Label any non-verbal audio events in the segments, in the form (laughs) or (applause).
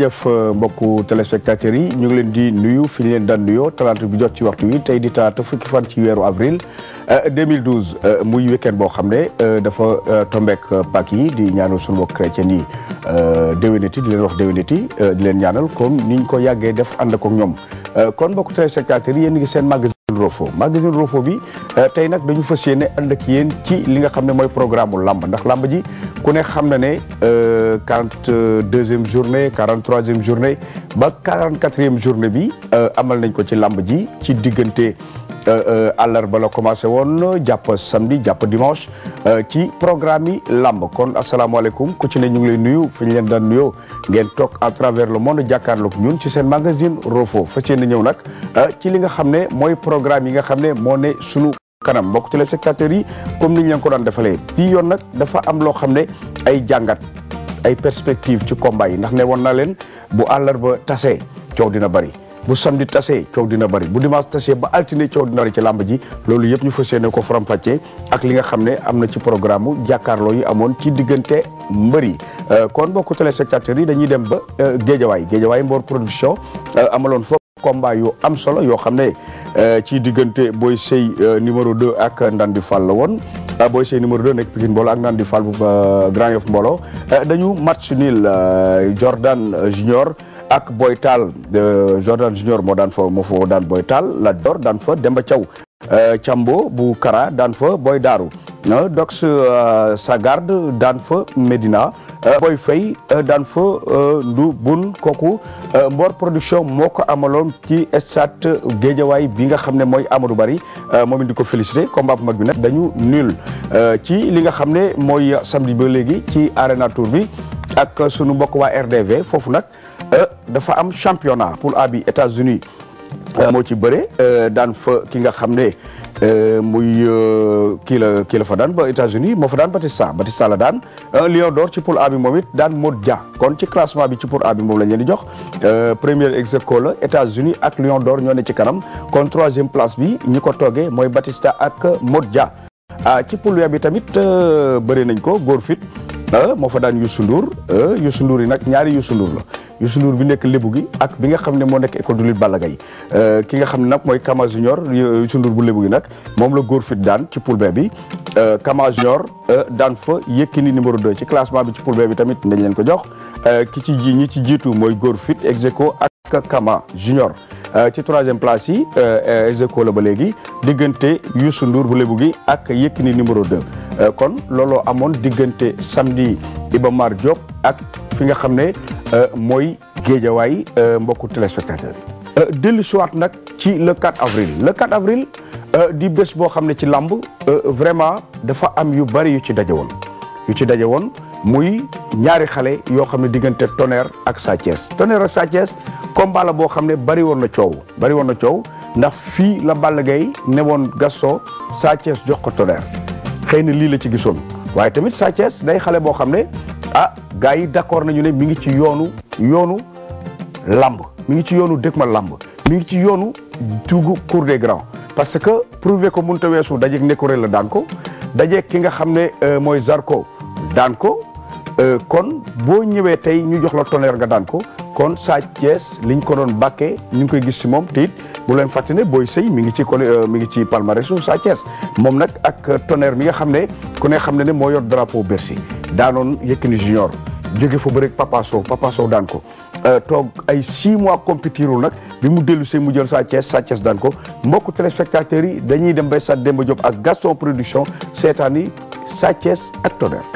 jërëjëf euh, mbokku téléspectateurs yi ñu ngi leen di nuyu fi ñu leen daan nuyoo talaata bi jot ci waxtu wi tey di talaata fukki fan ci weeru avril 2012 euh, euh, muy weekend boo xam ne dafa tombeek Pâques yi di ñaanal sunu mbokk chrétien yi déwéniti di leen wax déwéniti di leen ñaanal comme niñ ko yàggee def ànd ak ñoom kon mbokku téléspectateurs yi yéen ngi seen magasin. Rofo magazine Rofo bi euh, tey nag dañu fas yéene ànd ak yéen ci li nga xam ne mooy programme mu làmb ndax làmb ji ku ne xam na ne euh, quarante deuxième journée quarante troisième journée ba quarante quatrième journée bi euh, amal nañ ko ci làmb ji ci diggante Euh, euh, àllarba la commencé woon jàpp samedi jàpp dimanche euh, ci programme yi làmb kon asalaamaaleykum ko ci ne ñu ngi lay nuyu fi ñu leen daan nuyoo ngeen toog à travers le monde jàkkaarloog ñun ci seen magazine Roffo fas yéene ñëw nag ci li nga xam ne mooy programme yi nga xam ne moo ne sunu kanam mbokk téléspectateurs yi comme ni ñu leen ko daan defalee bii yoon nag dafa am loo xam ne ay jàngat ay perspective ci combat yi ndax ne woon na leen bu àllarba tasee coow dina bari bu samedi tasee coow dina bëri bu dimanche tasee ba altine coow dina bëri ci làmb ji loolu yëpp ñu fas yéene ko faram-fàccee ak li nga xam ne am na ci programme mu jàkkaarloo amoon ci diggante mbër yi euh, kon mbokku téléspectateurs yi dañuy dem ba euh, géejawaay géejawaay Mbour production euh, amaloon foofu combat yu am solo yoo xam ne ci diggante Boy Sey numéro 2 ak Ndandi Fall la woon Boy Sey numéro 2 nekk Pikine Mbolo ak Ndandi Fall bu Grand Yoff Mbolo dañu match nul Jordan Junior. ak Boy Tall Jordan Junior moo daan fa moo fa daan Boy Tall la Dor daan fa Demba Thiaw Cambo euh, bu Kara daan fa Boy euh, Dox euh, Sagard daan fa Medina Boy Faye daan fa Ndu Bun kooku Mbor production moo ko amaloon ci stade Guédiawaye bi nga xam ne mooy Amadou Bari moom it di ko félicité combat bu mag bi nag dañu nul ci li nga xam ne mooy samedi ba léegi ci Arena Tour bi ak sunu mbokk waa RDV foofu nag. Euh, dafa am championnat poule abi bi États-Unis euh, moo ci bëre euh, daan fa ki nga xam ne muy kii la kii la fa daan ba États-Unis moo fa daan Batista Batista la daan un lion ci poule A bi moom it daan Modou Dia kon ci classement bi ci poule A moom la ñu di jox premier ex aequo la États-Unis ak lion d'or ñoo ne ci kanam kon troisième place bi ñi ko toogee mooy Batista ak mod Dia ah ci poule bi tamit bëri nañ ko góor fit E, moo fa daan Youssou Ndour e, Youssou Ndour yi nag ñaari Youssou Ndour la Youssou Ndour bi nekk lébu gi ak bi nga xam ne moo nekk école de lutte balagay Gaye e, ki nga xam ne nag mooy Kama Junior Youssou bu lébu gi nag moom la góor fit daan ci poule bi Kama Junior daan fa Yékini numéro 2 ci classement bi ci poule bi tamit dañ leen ko jox ki ci ji ñi ci jiitu mooy góor fit ex aequo ak Kama Junior ci troisième place yi ex aequo la ba léegi diggante Youssou Ndour bu lébu gi ak Yékini numéro 2 Euh, kon looloo amoon diggante samedi Iba Mar Diop ak fi nga xam ne euh, mooy géejawaay euh, mbokku téléspectateur yi. dellu siwaat nag ci le 4 avril le 4 avril di bés boo xam ne ci làmb vraiment dafa am yu bari yu ci daje woon yu ci daje woon muy ñaari xale yoo xam ne diggante Tonnerre ak Sa Thiès Tonnerre ak Sa Thiès combat la boo xam ne bari woon na coow bari na coow ndax fii la Balla Gaye ne woon Gaston Sa jox ko Tonnerre. xëy na lii la ci gisoon waaye tamit Sa Thiès day xale boo xam ne ah gars yi d'accord nañu ne mi ngi ci yoonu yoonu lamb mi ngi ci yoonu dëgmal lamb mi ngi ci yoonu dugg cour des grands parce que prouver ko mënta weesu dajeeg nekkuré la daan ko dajeeg ki nga xam ne euh, mooy Zarko daan ko euh, kon boo ñëwee tey ñu jox la nga daan ko kon Sa Thiès liñ ko doon bàkkee ñu ngi koy gis si moom te it bu leen fàtte ne Boy Sey mi ngi ci col euh, mi ngi ci palmarèsu Sa Thiès moom nag ak tonnerre mi nga xam ne ku ne xam ne ne moo yor drapeau bersi daanoon Yékini Junior jóge fo ba rek Papa Sow Papa daan ko euh, toog ay six mois compétirul nag bi mu dellu see mu jël Sa Thiès Sa Thiès daan ko mbokku téléspectateurs yi dañuy dem bay Stade Demba Diop ak Gaston Production seetaan yi Sa ak tonnerre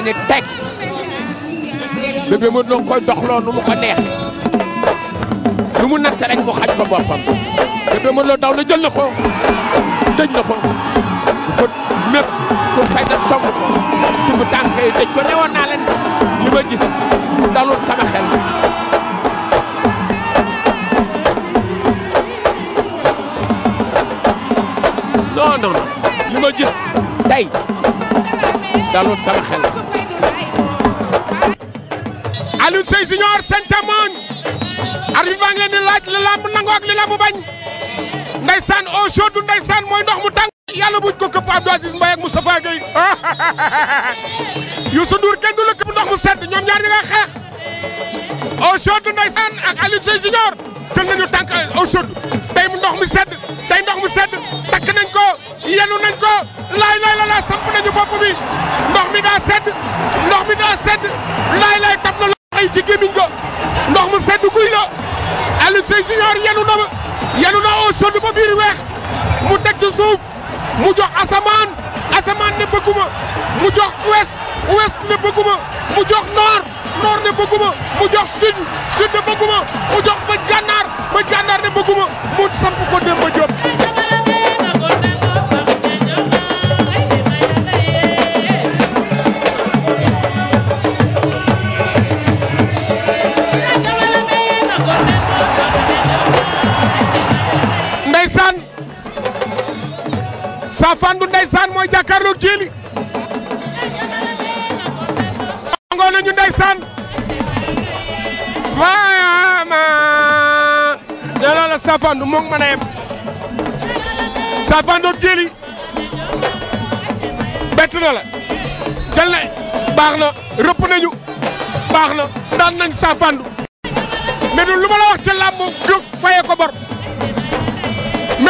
ngi ni teg Bébé Modou Lo nga koy doxloo nu mu ko neex nu mu natt rek mu xaj ko boppam Bébé Modou Lo daw na jël na ko tëj na ko fa mépp ku fay na song ko ci bu tànk yi tëj ko newoon naa leen tey dalul sama junior seen càmmoñ arbitre baa ngi leen di laaj li làmb nangu ak li làmb bañ ndeysaan au chaud du ndeysaan mooy ndox mu tàng yàlla buñ ko këpp Abdou Aziz Mbaye ak Moustapha Gueye (laughs) Youssou Ndour kenn du la këpp ndox mu sedd ñoom ñaar ñi nga xeex au chaud du ak Aliou Seye junior nañu tànk au tey mu ndox mi sedd tey ndox mi sedd takk nañ ko yenu nañ ko laay laay la laa samp nañu bopp bi ndox mi daa sedd ndox mi daa sedd laay laay taf na tey ci gémmiñ ga ndox mu sedd guy la Alioune Sèye Junior yenu na yenu na au sol ba biir weex mu teg ci suuf mu jox asamaan asamaan ne bëgguma mu jox ouest ouest ne bëgguma mu jox nord nord ne bëgguma mu jox sud sud ne bëgguma mu jox bëj gànnaar bëj gànnaar ne bëgguma mu samp ko dem ba Fafane du ndeysaan mooy jàkkaarloog Djily songoo nañu ndeysaan faama nee naa a yem na la jël na baax na rëpp nañu baax na daan nañ Safane du du lu wax ci làmb jóg faye ko bor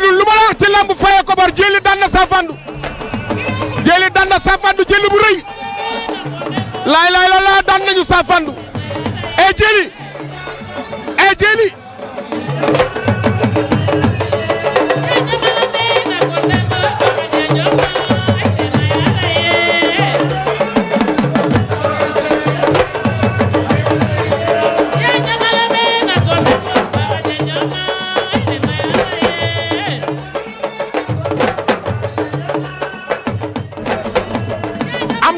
melul lu ma la wax ci ko bar jëli daan saafandu jëli daan saafandu jëli bu rëy laay laay la laa daan saafandu e eh, jëli e jëli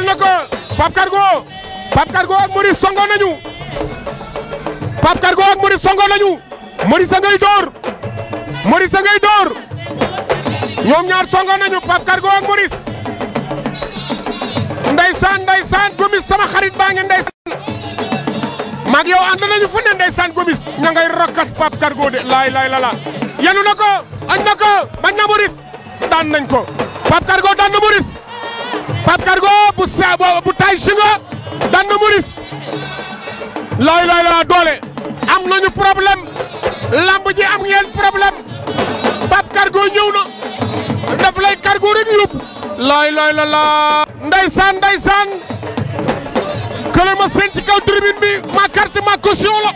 jël na ko Pape Cargo Pape Cargo songo nañu Pape Cargo ak Maurice songo nañu Maurice a ngay door Maurice a ngay door ñoom ñaar songo nañu Pape Cargo ak Maurice ndeysaan ndeysaan gomis sama xarit baa ngi ndeysaan mag yow ànd nañu fu ne ndeysaan gomis ña ngay rakkas Pape Cargo de laay laay lala yenu na ko añ na ko bañ na Maurice daan nañ ko Pape Cargo daan na Maurice Pape Cargo bu sa bu tay singa dan na Maurice looy looy la doole am nañu problème lamb ji am ngeen problème Pape Cargo ñëw na daf lay Cargo rek yóbbu looy looy la la ndeysaan ndeysaan seen ci kaw tribune bi ma carte ma caution la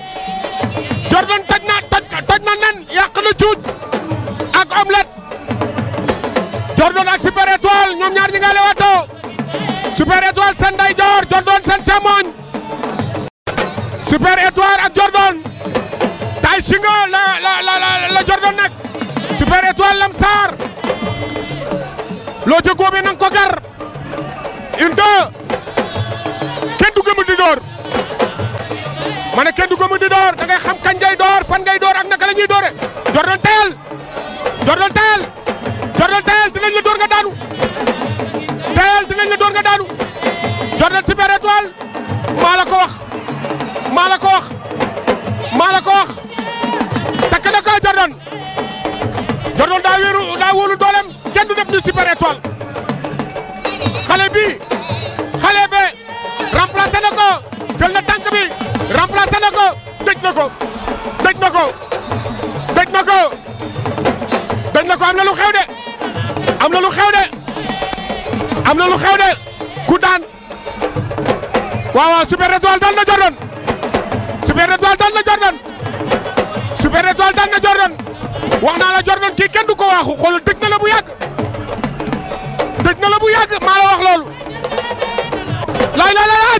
Jordan taj na taj na nen yàq na cuuj ak omelette Jordan ak si ñoom ñaar ñi nga lewato Super Étoile seen ndeyjoor Jordan seen càmmoñ Super Étoile ak ko gar une kenn du di door ma xam kañ ngay door fan ngay door ak naka la doore Jordan teel Jordan teel Jordan teel la door nga daanu Jordan Super Étoile maa ko wax maa la ko wax maa ko wax takk na ko Jordan Jordan daa wéeru daa wóolu dooleem kenn du def ni Super Étoile xale bi xale be remplacé na ko jël na tànk bi remplacé na ko dëj na ko dëj na ko dëj na ko dëj na ko am na lu xew de am na lu xew de am na lu xew de ku waaw waaw Super Étoile dal na Jordan Super Étoile dal na Jordan Super Étoile dal na Jordan wax naa la Jordan kii kenn du ko waaxu xool dëj na la bu yàgg dëj na la bu yàgg maa la wax loolu lay la la laa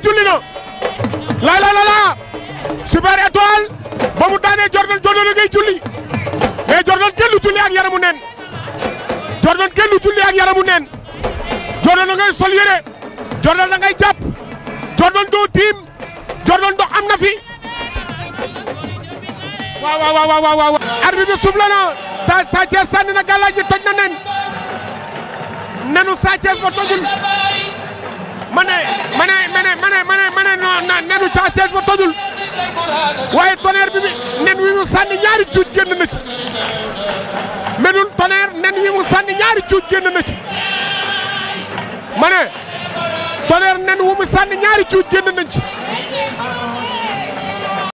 lay la la laa mu daanee Jordan Jordan la ngay julli mais eh, Jordan kenn du julli ak yaramu neen Jordan kenn ngay sol yére Jordan la ngay jàpp Jordan doo tiim Jordan dox am na fi waaw waaw waaw waaw arbitre bi soufflé sànni na gàllaaj toj na nen nenu Sa Thiès ba tojul ma ne ma ne ma ne ma nenu Sa ba tojul waaye tonnerre bi nen wi mu sànni ñaari cuuj génn na ci menul tonnerre nen wi mu sànni ñaari cuuj génn na ci ma ne tonnerre nen wu mu sànni ñaari cuuj génn nañ ci